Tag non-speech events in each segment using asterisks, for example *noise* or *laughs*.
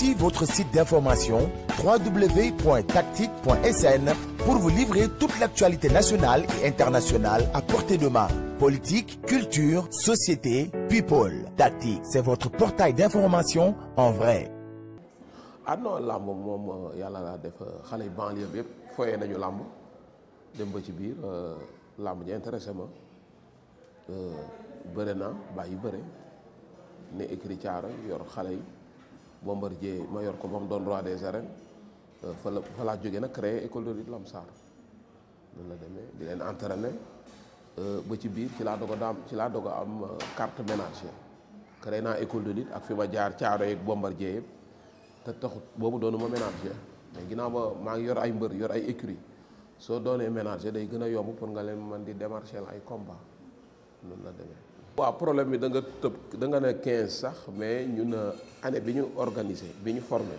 si votre site d'information www.tactic.sn pour vous livrer toute l'actualité nationale et internationale à portée de main. Politique, culture, société, people. Tactic, c'est votre portail d'information en vrai. ah non làmb moom yàlla la def xale yi banlieue bi yëpp foyee nañu làmb dem ba ci biir euh, làmb ji intéressé ma euh, na naa yu bëre ne écrit caara yor xale yi. Bombardier ma yor ko ba doon roi des arènes euh, fa la fa laa jógee nag créé école de lutte Lamsar noonu la demee di leen entraîner euh, ba ci biir ci laa doog a daam ci laa doog am euh, carte ménagère créé naa école de lutte ak fi ma jaar caaro yeeg Bombardier yëpp te taxut boobu doonu ma ménagère mais ginnaaw ba maa ngi yor ay mbër yor ay écurie soo doonee ménager day gën a yomb pour nga leen mën di démarcher ay combat noonu la demee. waaw problème bi da nga tëb da nga ne quinze sax mais ñun année bi ñu organisé bi ñu formé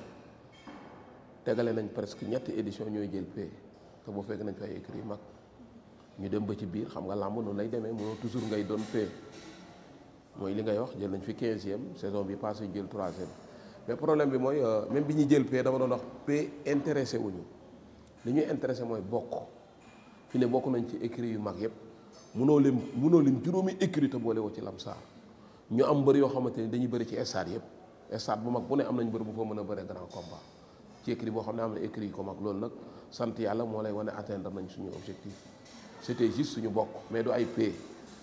tegale nañ presque ñetti édition ñooy jël paie te boo fekk nañ fay écrit yu mag ñu dem ba ci biir xam nga làmb noonu lay demee mënoo toujours ngay doon paie mooy li ngay wax jël nañ fi quinzième saison bi passé jël troisième mais problème bi mooy euh, même bi ñuy jël paie dama doon wax paie intéressé wuñu li ñuy intéressé mooy bokk fi ne bokk nañ ci écrit yu mag yëpp. munoo leen munoo leen juróomi écurie te boole woo ci lamsaar ñu am bëri yoo xamante ni dañuy bëri ci stade yëpp stade bu mag bu ne am nañ bëri bu fa mën a bëree grand combat ci écurie boo xam ne am na écurie yi mag loolu nag sant yàlla moo lay wane atteindre nañ suñu objectif c'était juste suñu bokk mais du ay pay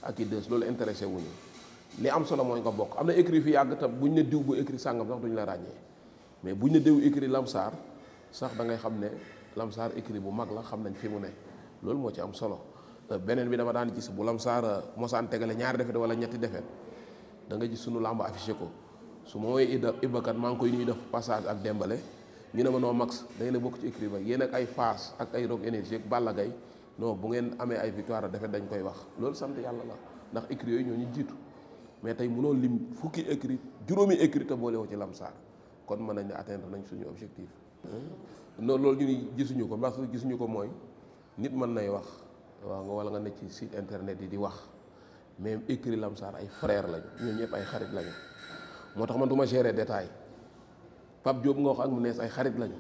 ak i dës loolu intéressé wuñu li am solo mooy nga bokk am na écurie fi yàgg tam buñ ne diw bu écurie sàngam sax duñ la ràññee mais bu buñ ne diw écurie lamsaar sax da ngay xam ne lamsaar écurie bu mag la xam nañ fi mu ne loolu moo ci am solo beneen bi dama daan gis bu lamsaara mosaan tegale ñaari defet wala ñetti defet da nga gis sunu làmb affiché ko su ma woowee Ibakat maa ngi koy nuyu def passage ak Dembale ñu ne ma noo max da ngeen a bokk ci écrit ba yéen ak ay Fass ak ay Rock Énergie ak Balla Gaye bu ngeen amee ay victoire defet dañ koy wax loolu sant yàlla la ndax écrit yooyu ñoo ñu jiitu mais tey mënoo lim fukki écrit juróomi écrit te boole woo ci lamsaar kon mën nañ ne atteindre suñu objectif. non loolu ñu ni ko parce que gisuñu ko mooy nit mën nay wax. waaw nga wala nga ne ci site internet yi di wax même écrit lamsaar ay frère lañu ñoom ñëpp ay xarit lañu moo tax man du ma gérer détail joobu Diop nga wax ak mu nees ay xarit lañu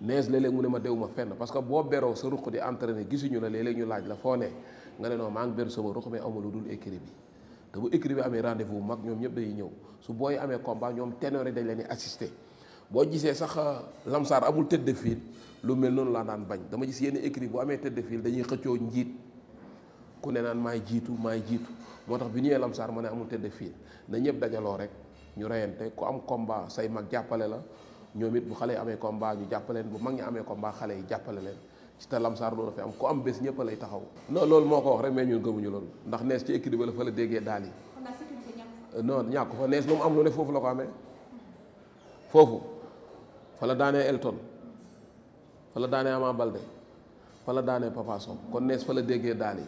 nees léeg mu ne ma dew ma fenn parce que boo beroo sa ruq di entraîné gisuñu la léeg ñu laaj la foo ne nga ne non maa ngi beru sama ruq mais amul lu dul écrit bi te bu écrit bi amee rendez-vous mag ñoom ñëpp dañuy ñëw su booy amee combat ñoom ténor yi dañ leen ni assister boo gisee sax euh, lamsaar amul tête de file lu mel noonu laa daan bañ dama gis yenn écrit bu amee tête de file dañuy xëccoo njiit ku ne naan maay jiitu maay jiitu moo tax bi ñuy lamsaar ma ne amul tête de file na ñëpp dajaloo rek ñu reyante ku am combat say mag jàppale la ñoom it bu xale yi amee combat ñu jàppaleen bu mag ñi amee komba xale yi jàppale leen ci te lamsaar loolu dafay am ku am bés ñëpp lay taxaw. non loolu moo ko wax rek mais ñun gëmuñu loolu ndax nees ci la fa la daal yi. non ñàkk fa nees lu mu foofu la ko amee fa la daanee Elton fa la daanee Ama Balde fa la daanee Papa Sow kon nees fa la déggee daan yi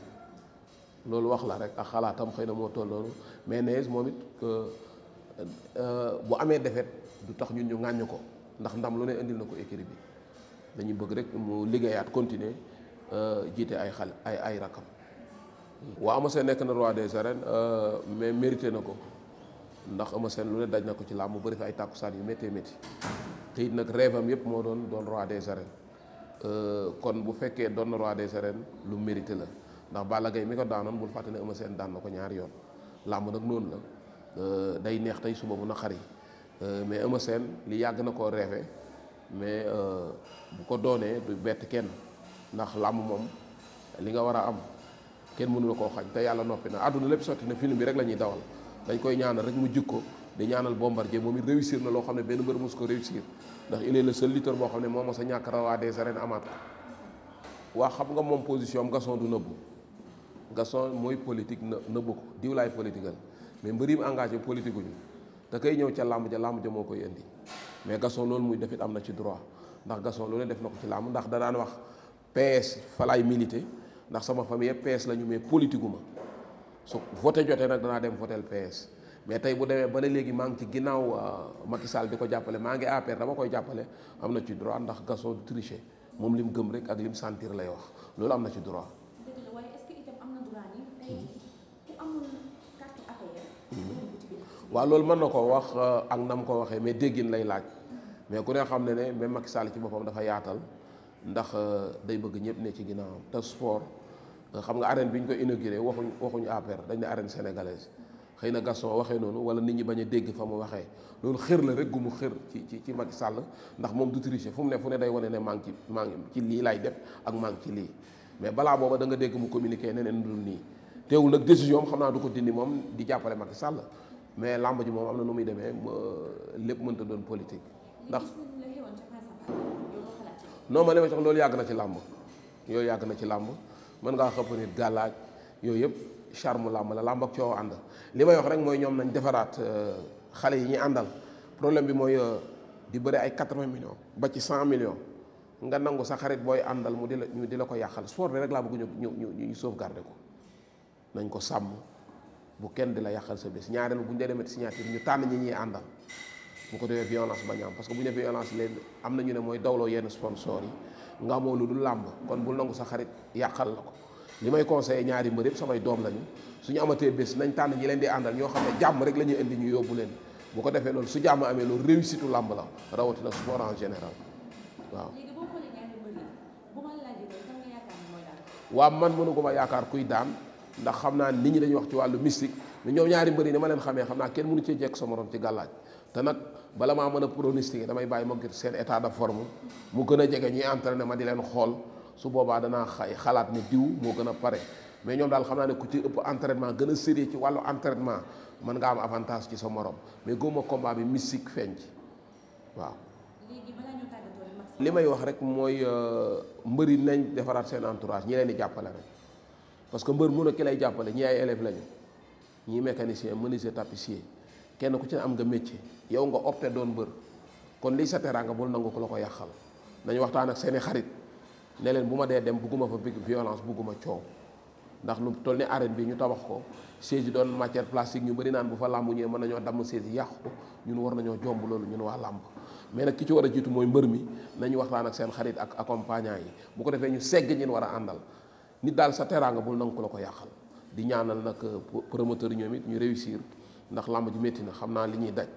loolu wax la rek ak xalaatam xëy na moo toll mais nees moom it euh, bu amee defet du tax ñu ñu ŋàññ ko ndax ndam lu ne indi na ko écurie bi dañuy bëgg rek mu liggéeyaat continuer euh, jiite ay xal ay ay rakam. waa Ama Sène nekk na roi de arènes euh, mais mérité na ko ndax Ama seen lu ne daj na ko ci laa mu bëri fi ay tàkkusaan yu méttee métti. te nag rêve am yëpp moo doon doon roi des arènes euh, kon bu fekkee doon na roi des arènes lu mérité la ndax Balla Gaye mi ko daanoon bul fàtte ne Eumeu Sène daan na ko ñaari yoon làmb nag noonu la euh, day neex tey suba mu naqari euh, mais Eumeu li yàgg na koo rêvé mais bu ko doonee du bett kenn ndax làmb moom li nga war a am kenn mënu koo xañ te yàlla noppi na àdduna lépp sotti na film bi rek la ñuy dawal dañ koy ñaanal rek mu ko di ñaanal Bombardier moom it réussir na loo xam ne benn mbër mos ko réussir ndax il est le seul boo xam ne moo mos sa ñàkk roi des arènes amaat ko waa xam nga moom position am Gaston du nëbbu Gaston mooy politique na nëbbu ko diwlaay politiqueal mais mbër mu engagé politiku ñu te kay ñëw ca làmb ja làmb ja moo koy indi mais Gaston loolu muy defit am na ci droit ndax Gaston loolu def na ko ci làmb ndax da wax PS fa laay milité ndax sama famille PS la ñu mais politique ma su voté jotee nag danaa dem votel PS mais tey bu demee ba ne léegi maa ngi ci ginnaaw euh, Macky Sall di ko jàppale maa ngi APR dama koy jàppale am na ci droit ndax Gaston du tricher moom lim gëm rek ak lim sentir lay wax loolu am na ci droit. Mhm. Mhm. waaw loolu mën na ko wax euh, ak nam ko waxee mais déggin lay laaj mais ku ne xam ne ne mais Macky Sall ci boppam dafa yaatal ndax euh, day bëgg ñëpp ne ci ginnaawam te sport xam nga arène bi ñu ko inauguré waxuñ waxuñ APR dañ ne arène sénégalaise. xëy na Gaston waxee noonu wala nit ñi bañ a dégg fa mu waxee loolu xër la rek gu mu xër ci ci ci Macky Sall ndax moom du tricher fu mu ne fu ne day wane ne maa ngi ci maa ngi ci lii laay def ak maa ci lii mais balaa booba da nga dégg mu communiqué neneen dul nii teewul nag décision am xam naa du ko dindi moom di jàppale Macky Sall mais làmb ji moom am na nu muy demee lépp mënta doon politique ndax non ma sax loolu yàgg na ci làmb yooyu yàgg na ci làmb mën ngaa xëpp nit yooyu yëpp charme làmb la làmb ak coow ànd li may wax rek mooy ñoom nañ defaraat euh, xale yi ñuy àndal problème bi mooy euh, di bëri ay quatre-vingts ba ci cent millions nga nangu sa xarit booy àndal mu di la ñu ko yàqal sport bi rek laa bëgg ñu ñu ñu sauvegarder ko nañ ko sàmm bu kenn di la yàqal sa bés ñaareel bu ñu dee demati signature ñu tànn ñi ñuy àndal bu ko defee violence bañ am parce que bu ñu defee violence leen am na ñu ne mooy dawloo yenn sponsor yi nga amoo lu dul làmb kon bul nangu sa xarit yàqal la ko. li may conseillé ñaari mbër yëpp samay doom lañu suñu amatee bés nañ tànn ñi leen di àndal ñoo xam ne jàmm rek la ñuy indi ñu yóbbu leen bu ko defee loolu su jàmm amee loolu réussite làmb la rawatina sport en général waaw. waaw man mënu ko ma yaakaar kuy daan ndax xam naa nit ñi dañuy wax ci wàllu mystique mais ñoom ñaari mbër yi ni ma leen xamee xam naa kenn mënu cee jekk sa morom ci gàllaaj te nag bala maa mën a pronostiquer damay bàyyi ma ngir seen état de forme mu gën a jege ñuy entraîné ma di leen xool su boobaa danaa xay xalaat ne diw moo gën a pare mais ñoom daal xam naa ne ku ci ëpp entraînement gën a sérieux ci wàllu entraînement mën nga am avantage ci sa morom mais góoma combat bi mystique feeñ ci waaw. li may wax rek mooy euh, mbëri nañ defaraat seen entourage ñi leen di jàppale rek parce que mbër mun a ki lay jàppale ñi ay élèves lañu ñi mécanicien menuisier tapissier kenn ku ci ne am nga métier yow nga opté doon mbër kon liy sa teraanga bul nangu ko la ko yàqal nañu waxtaan ak seeni xarit. ne bu ma dee dem bugguma fa big violence bugguma coow ndax lu toll ni arène bi ñu tabax ko chaise yi doon matière plastique ñu bëri naan bu fa làmb ñëwee mën nañoo damm chaise yi yàqu ko ñun war nañoo jomb loolu ñun waa làmb mais nag ki ci war a jiitu mooy mbër mi nañu waxtaan ak seen xarit ak accompagnant yi bu ko defee ñu segg ñin war a àndal nit daal sa teraanga bul nangu la ko yàqal di ñaanal nag euh, promoteur ñoom it ñu réussir ndax làmb ji métti na xam naa li ñuy daj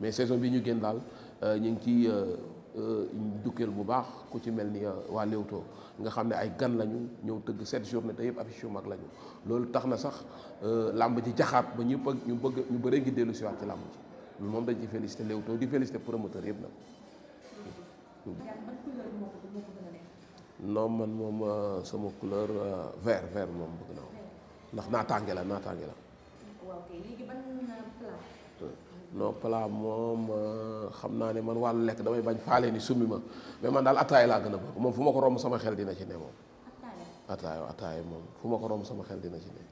mais saison bi ñu génn daal euh, ñu ngi ciy euh, Euh, ndukkeel bu baax ku ci mel ni euh, waa Leewtoo nga xam ne ay gan lañu ñëw tëgg set sept journée te yëpp affiche yu mag lañu loolu tax na sax euh, làmb ji jaxaat ba ñu bëgg ñu bëgg ñu bëree ngi dellu si waat ci làmb ji loolu moom dañ ci félicité Leewtoo di félicité promoteur yëpp nag. non man moom sama couleur vert vert moom bëgg naa ko ndax naataange la la. waaw kay léegi non plat moom euh, xam naa ne man wàllu lekk damay bañ faale ni summi ma mais man daal attaay laa gën a bëgg moom fu ma ko romb sama xel dina ci ne moom. attaay attaay moom fu ma ko romb sama xel dina ci ne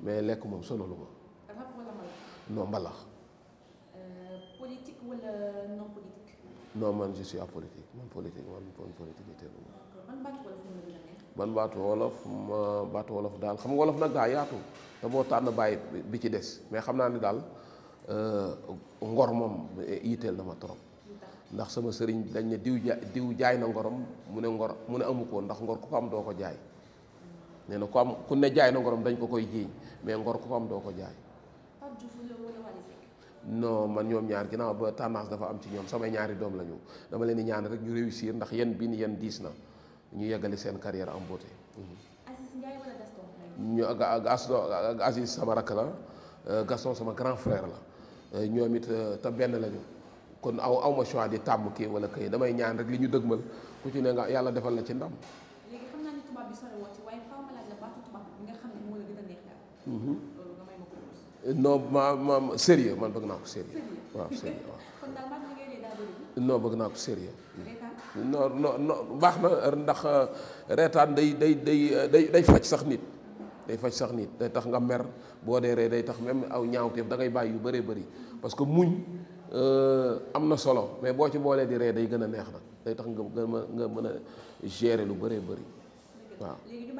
mais lekk moom sonaluma. rab wala mbalax. non mbalax. Euh, politique wala non politique. non man je suis apolitique man politique man man politique yi teeluma. man baatu wolof moom la neex. man baatu wolof ma baatu wolof daal xam nga wolof nag daa yaatu te boo tànn bàyyi bi ci des mais xam naa ne daal. Euh, ngor moom yitteel na ma trop ndax sama sëriñ dañ ne diw ja diw jaay na ngorom mu ne ngor mu ne amu ko ndax ngor ku ko am doo ko jaay nee na ku am ku ne jaay na ngorom dañ ko koy jiiñ mais ngor ku ko am doo ko jaay non man ñoom ñaar ginnaaw ba tendance dafa am ci ñoom samay ñaari doom lañu dama leen di ñaan rek ñu réussir ndax yenn bi ni yenn diis na ñu yeggali seen carrière en beauté ñu Aziz sama rakk la euh, Gaston sama grand frère la Euh, ñoom it euh, te benn lañu kon aw aw ma di tàmm kii wala kay damay ñaan rek li ñu dëgmal ku ci ne nga yàlla defal la ci ndam. léegi xam naa mhm. euh, ma ma ko man bëgg naa ko sérieux. waaw *laughs* bëgg naa ko sérieux. non baax na ndax reetaan day day day day day faj sax nit. day faj sax nit day tax nga mer boo dee ree day tax même aw ñaawteef da ngay bàyyi yu baree bari parce que muñ euh, am na solo mais boo ci boolee di ree day gën a neex na day tax nga gën a nga mën a gérer lu bëree bëri waaw. léegi euh,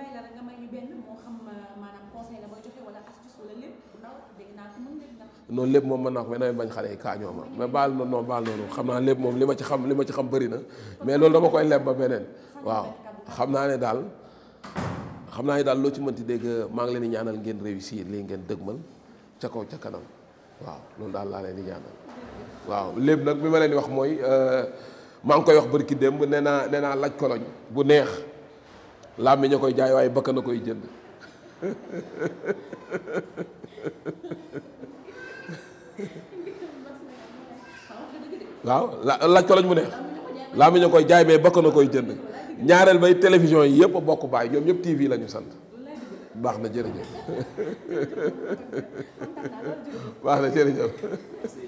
noonu lépp moom mën naa ko mais damay bañ xale yi kaañoo ma mais baal na noonu baal noonu xam naa lépp moom li ma ci xam li ma ci xam bëri na mais loolu dama koy leb ba beneen waaw xam naa ne daal xam naa ni daal loo ci mënti dégg maa ngi leen di ñaanal ngeen réussir lii ngeen dëgmal ca kaw ca kanam waaw loolu daal laa leen di ñaanal waaw lépp nag bi ma leen wax mooy euh, maa ngi koy wax bërki démb nee naa nee naa laaj koloñ bu neex làmmiñ a koy jaay waaye bakkan a koy jënd *laughs* waaw la laaj koloñ bu neex làmmiñ koy jaay mais bakkan a koy jënd ñaareel bay télévision yi yëpp a bokk baay ñoom ñëpp TV la sant baax na jërëjëf *laughs* baax na jërëjëf